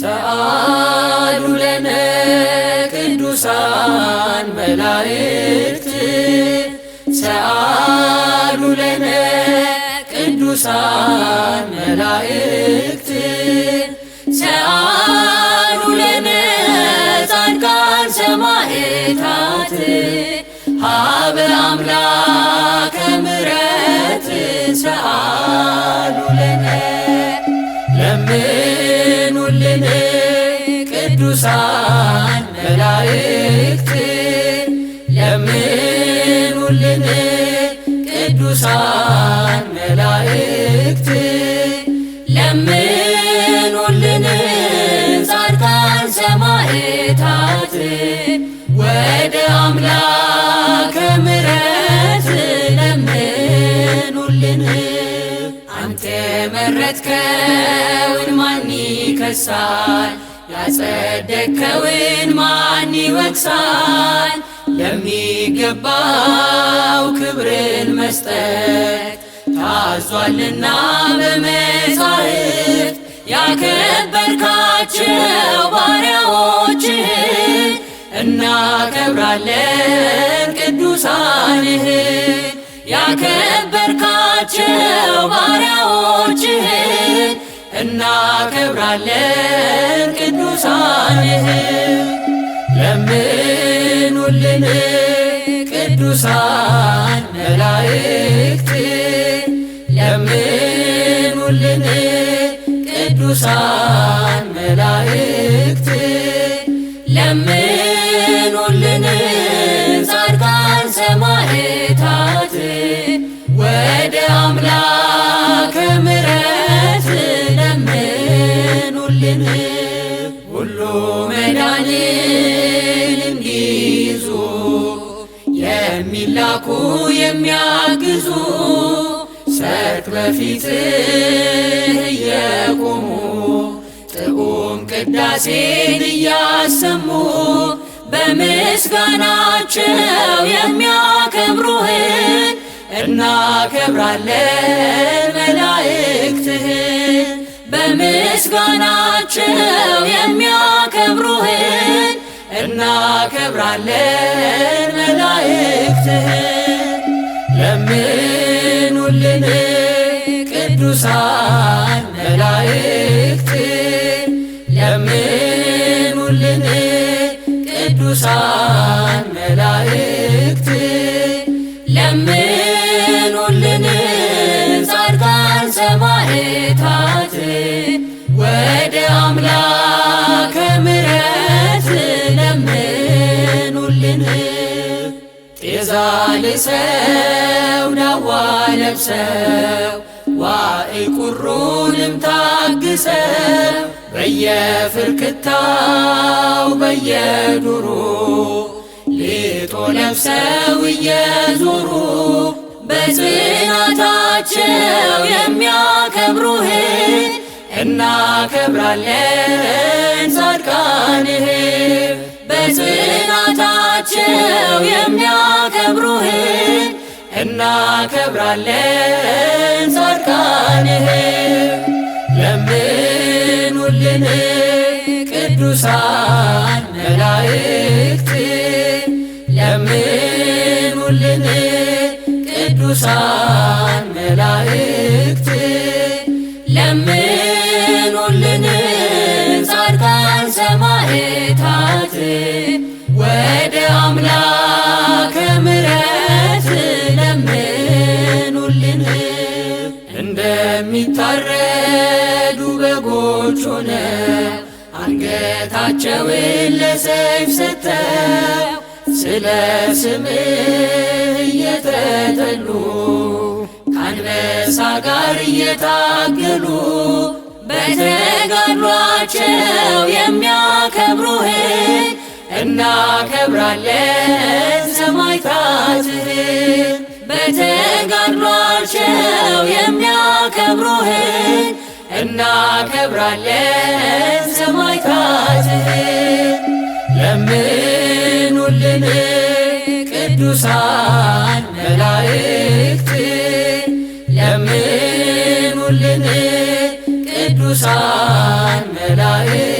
ሰአሉ ለነ ቅዱሳን መላእክት ሰአሉ ለነ ቅዱሳን መላእክት ሰአሉ ለነ ጻድቃን ሰማዕታት ሀበ አምላከ ምሕረት ቅዱሳን መላእክት ለምኑልን፣ ቅዱሳን መላእክት ለምኑልን፣ ጻድቃን ሰማዕታት ወደ አምላከ ምሕረት ለምኑልን። አንተ መረጥከውን ማን ይከሳል? ያጸደከውን ማን ይወቅሳል? ለሚገባው ክብርን መስጠት ታዟልና በመጻሕፍት ያከበርካቸው ባሪያዎችህን እናከብራለን ቅዱሳንህ ያከበርካቸው ባሪያዎችህን እናከብራለን ቅዱሳንህ ለምኑልን ቅዱሳን መላእክት ለምኑልን ቅዱሳን መላእክት ለምኑልን ጻድቃን ሰማዕታት ወደ አምላክ ግን ሁሉ መዳንን እንዲይዙ የሚላኩ የሚያግዙ ሰርክ በፊትህ እየቆሙ ጥዑም ቅዳሴን እያሰሙ በምስጋናቸው የሚያከብሩህን እናከብራለን። በምስጋናቸው የሚያከብሩህን እናከብራለን መላእክትህን። ለምኑልን ቅዱሳን መላእክት ለምኑልን ቅዱሳን ወደ አምላከ ምሕረት ለምኑልን። ጤዛ ልብሰው ናዋ ለብሰው ዋይ ቁሩንም ታግሰው በየፍርክታው በየዱሩ ሌጦ ለብሰው እየዞሩ በጽናታቸው የሚያከብሩህ እናከብራለን ጻድቃንህ በጽናታቸው የሚያከብሩህ እናከብራለን ጻድቃንህ ለምኑልን ቅዱሳን መላእክት ለምኑልን ቅዱሳን መላእክት ወደ አምላከ ምሕረት ለምኑልን። እንደሚታረዱ በጎች ሆነ አንገታቸውን ለሰይፍ ሰጥተው ስለ ስምህ እየተጠሉ ከአንበሳ ጋር እየታገሉ በተጋድሎ እናከብራለን ሰማዕታትህን በተጋድሏቸው የሚያከብሩህን እናከብራለን ሰማዕታትህን ለምኑልን ቅዱሳን መላእክት ለምኑልን ቅዱሳን መላእክት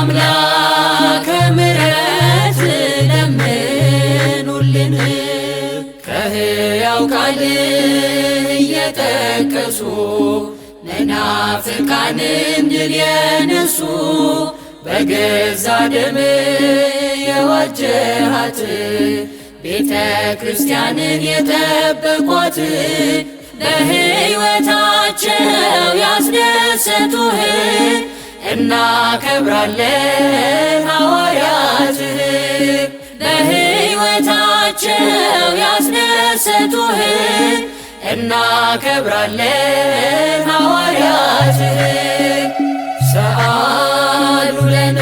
አምላከ ምሕረት ለምኑልን ከሕያው ቃል እየጠቀሱ መናፍቃንን ድል የነሱ በገዛ ደም የዋጀሃት ቤተ ክርስቲያንን የጠበቋት በሕይወታቸው ያስደሰቱህ እናከብራለን ሐዋርያትህን በሕይወታቸው ያስደሰቱህን እናከብራለን ሐዋርያትህን ሰአሉ ለነ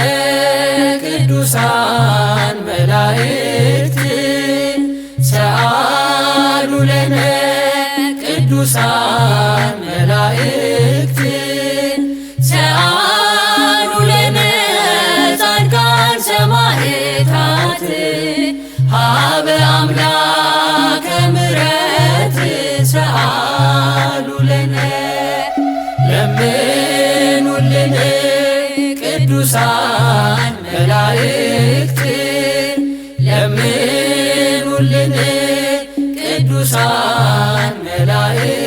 ቅዱሳን መላእክት ሰአሉ ለነ ቅዱሳን መላእክት ምህረት ሀበ አምላከ ምህረት ስአሉ ለነ ለምኑልን ቅዱሳን መላእክት ለምኑልን ቅዱሳን መላእክት